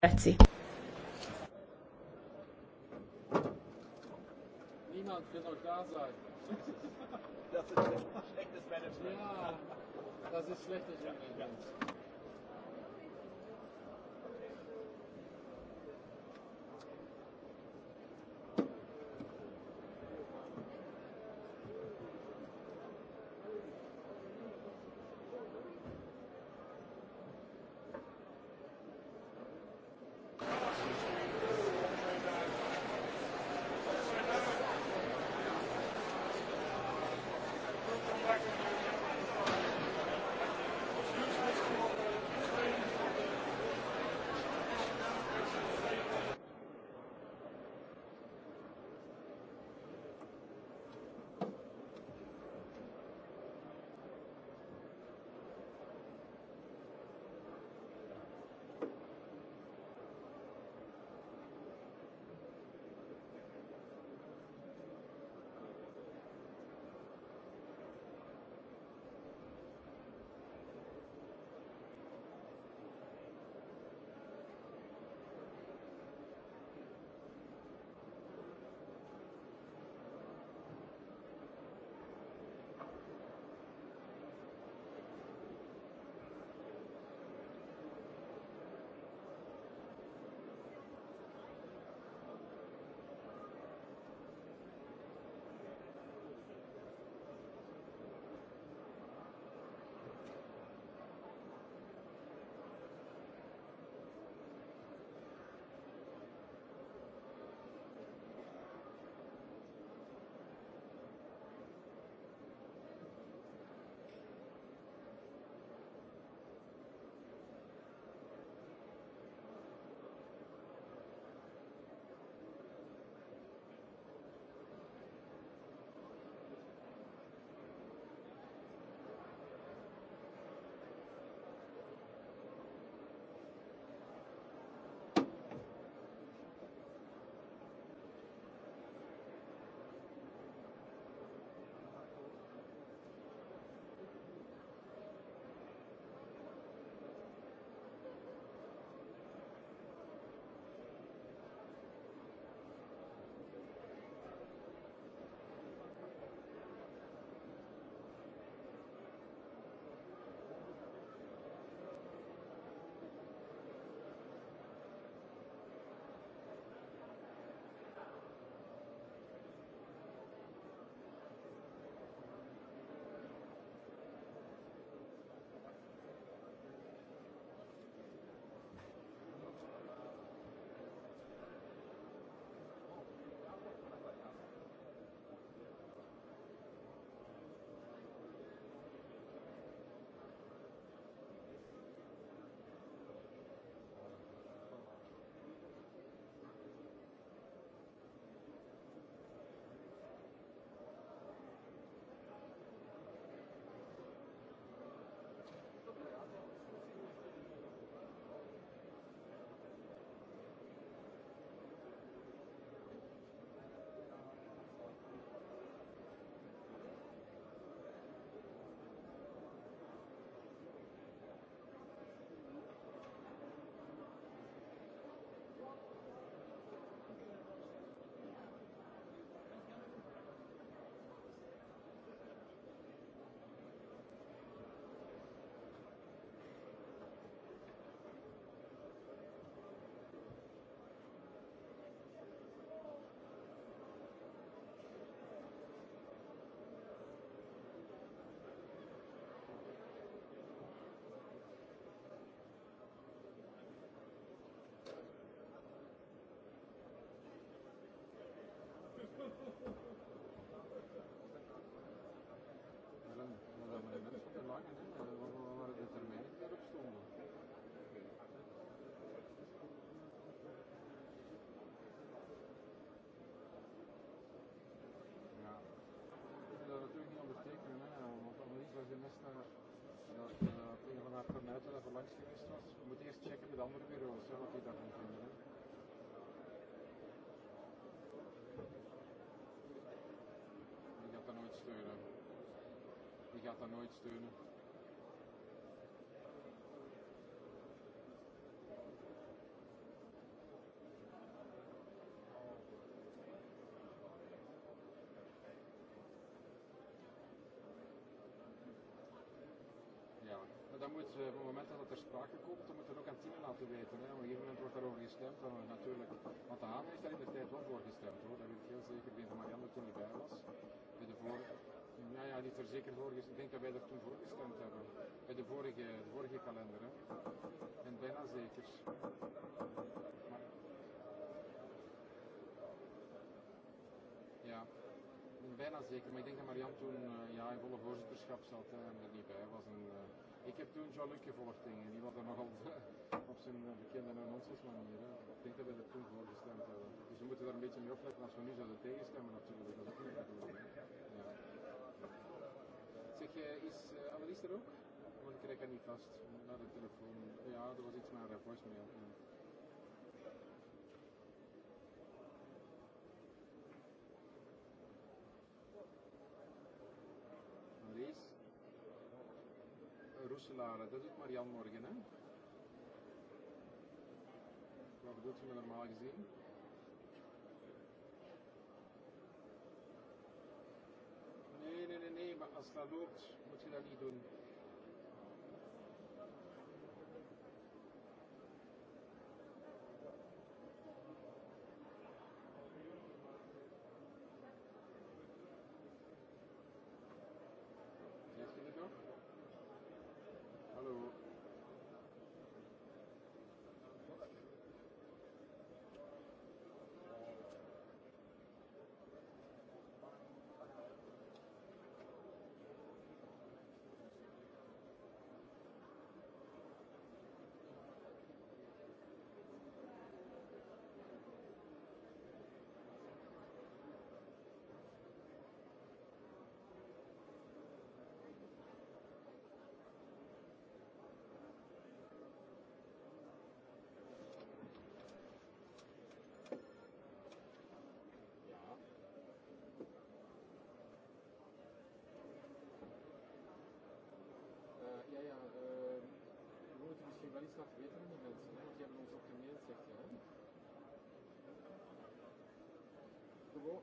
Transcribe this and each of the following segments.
Grazie. Niemand wird da sein. Das ist schlechtes Management. burgemeester eh, er naar, We moeten eerst checken met andere bureaus wat die vinden. Die gaat dat nooit steunen. Die gaat nooit steunen. op het moment dat het sprake komt, dan moet het ook aan Tine laten weten. Op een moment wordt daarover gestemd, dan natuurlijk. Want de heeft daar in de tijd wel voor gestemd hoor, dat weet ik heel zeker. Ik van Marianne toen niet bij was. Bij de vorige, nou ja, niet er zeker voor gestemd. Ik denk dat wij toen hebben. Bij de vorige, kalender. En bijna zeker. ja bijna zeker, maar ik denk dat Marian toen uh, volle voorzitterschap zat en er niet bij was. En, uh, Ik heb toen Jean-Luc voorgevochten en die was dan nog op zijn bekende nonsens manier. Ik denk dat we dat toen voor gestemd hebben. Dus we moeten daar een beetje mee opletten als we nu zouden tegenstemmen natuurlijk. Zeg, is uh, Annelies er ook? Want ik krijg haar niet vast Ja, er was iets naar voicemail. Lara, dat doet Marian morgen, Nee, nee, nee, nee, maar als dat loopt, moet je dat niet doen. Państwach Wielkim i Benzynem, die haben unsere Kriminalsektion. Wo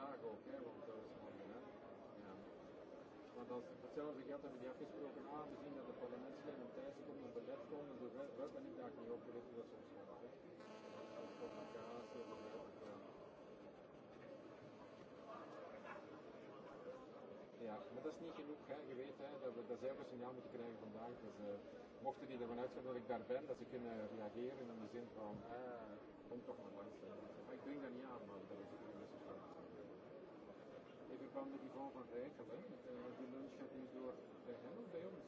Dago, och även om servicemålen. Men de speciella brigade med jaktspråken har betingade parlamentsledamöter som kommer på rättegången och rödden inte har kunnat på det stora som ska vara. Ja, maar dat is niet genoeg. Hè. Je weet hè, dat we daar zelf een signaal moeten krijgen vandaag. Dus uh, äh, mochten die ervan uitgaan dat ik daar ben, dat ze kunnen reageren in de zin van, eh, äh, kom toch maar langs. Maar ik denk dat niet aan, maar dat is kwam de eh, die vogel regelen, uh, die lunchen niet door de hemel bij ons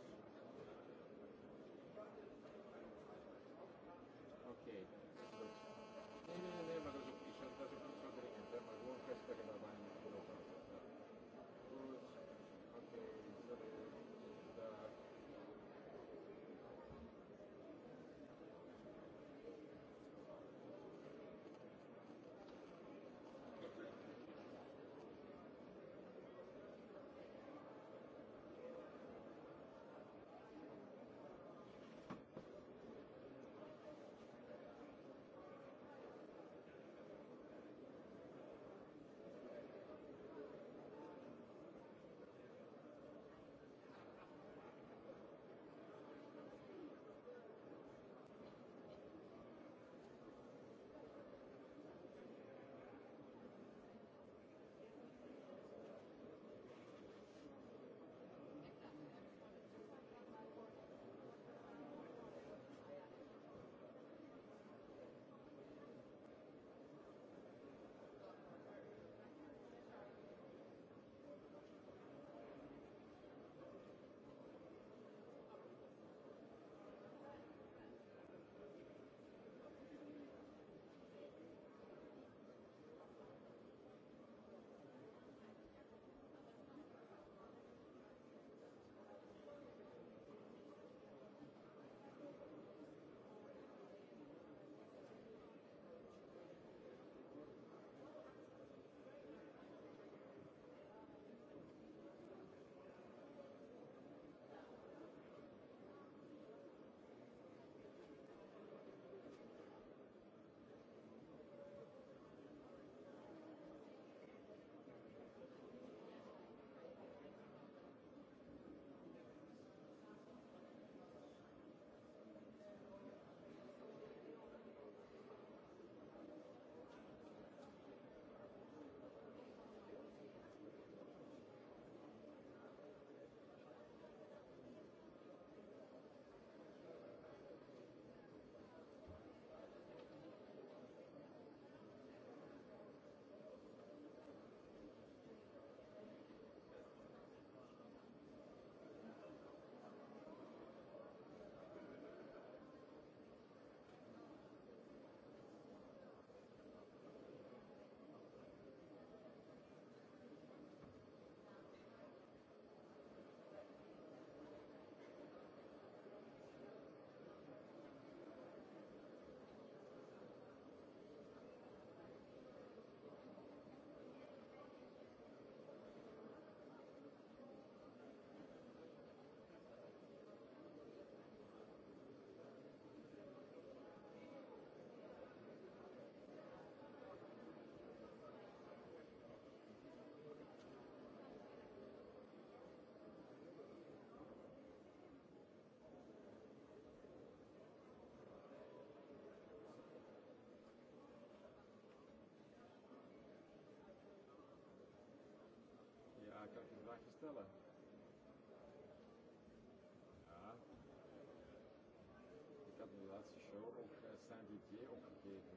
sein Budget aufgegeben.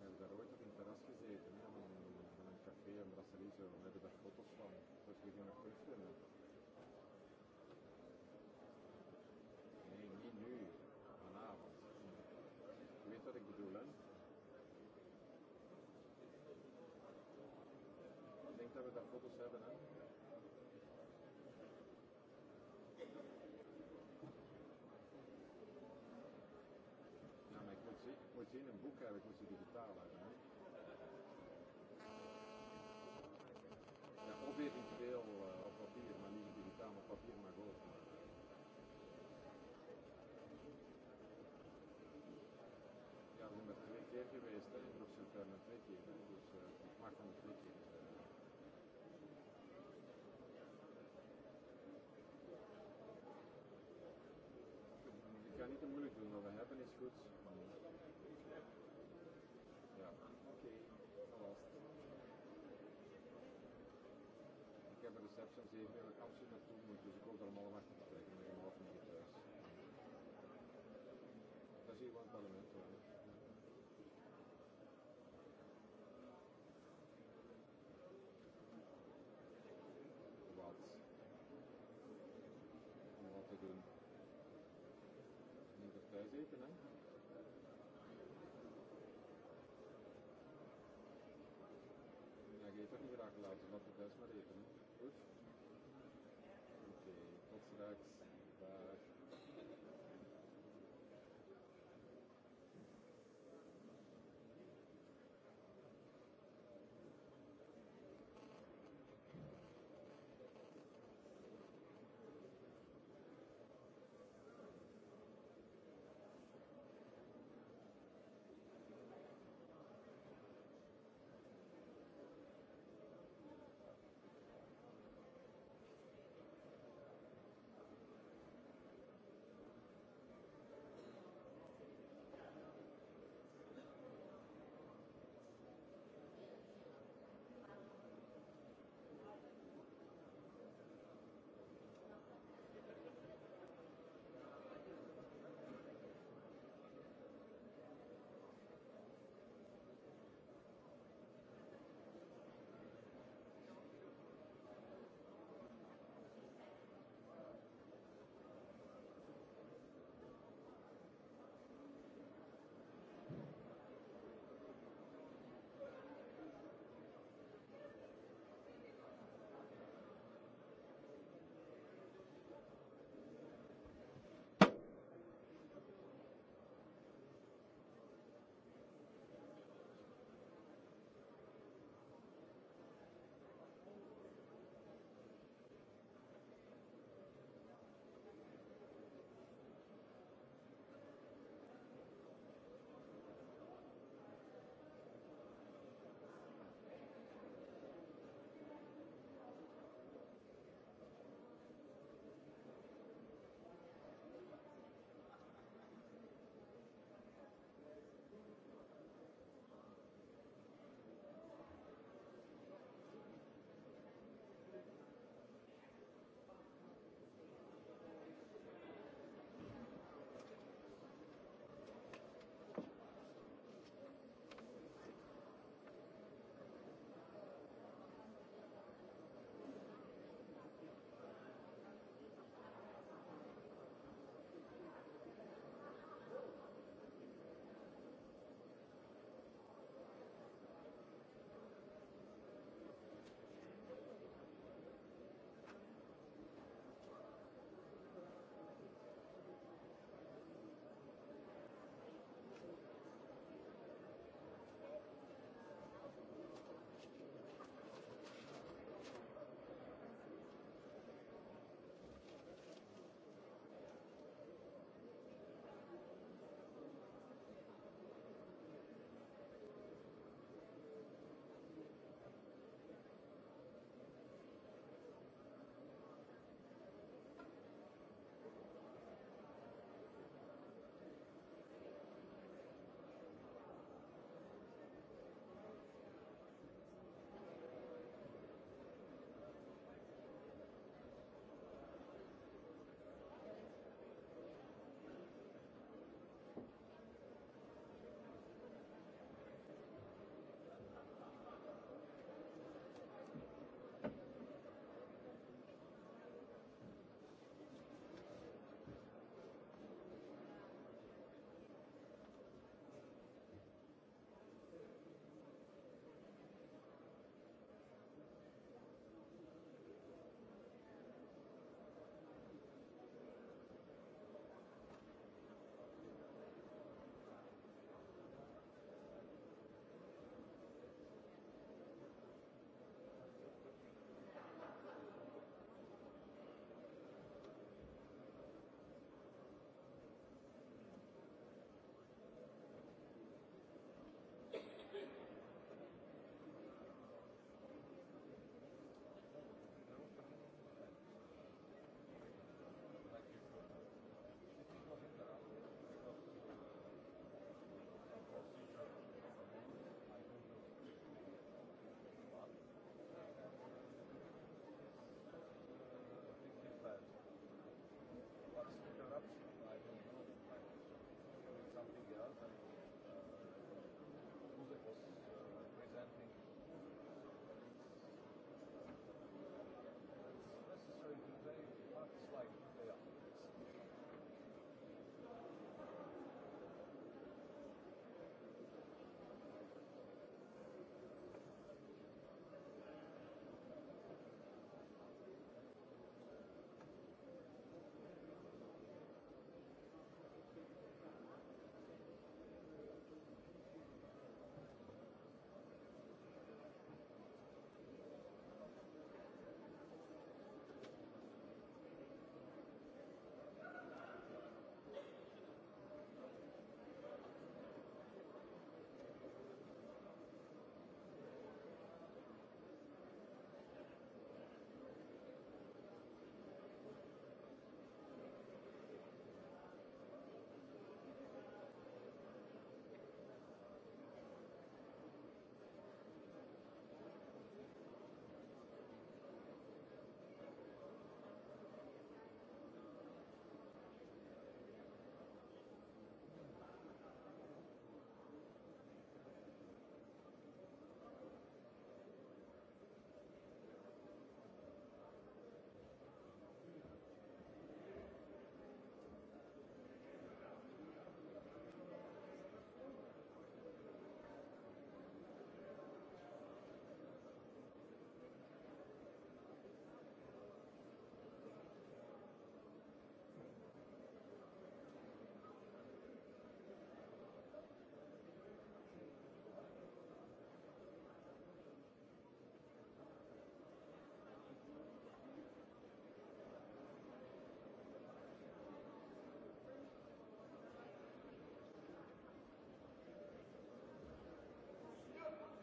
Ja, der Leute sind da rausgesehen, wir haben einen Café am Rasserito und haben da Fotos von. Das wird insieme eh? eh, e in buca le possibilità. Ja, probeer iets veel uh, op papier, maar niet digitaal, papier maar Ja, we zijn twee keer geweest, hè, in Brugse twee keer, hè, dus maak van de niet moeilijk doen, maar we hebben iets goed. have a reception, see if a you to the can make the Does he want parliament or ik heb ook niet graag geluid, want het is maar even, hè? Okay, und äh,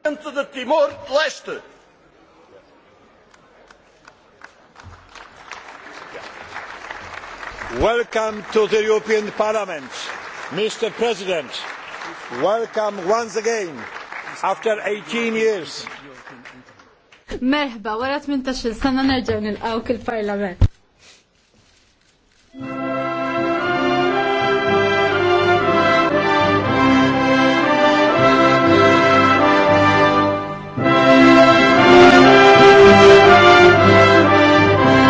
Presidente de Timor-Leste. Welcome to the European Parliament. Mr. President, welcome once again after 18 years. Merħba, wara 18 sena nerġa' nilqgħu il parlament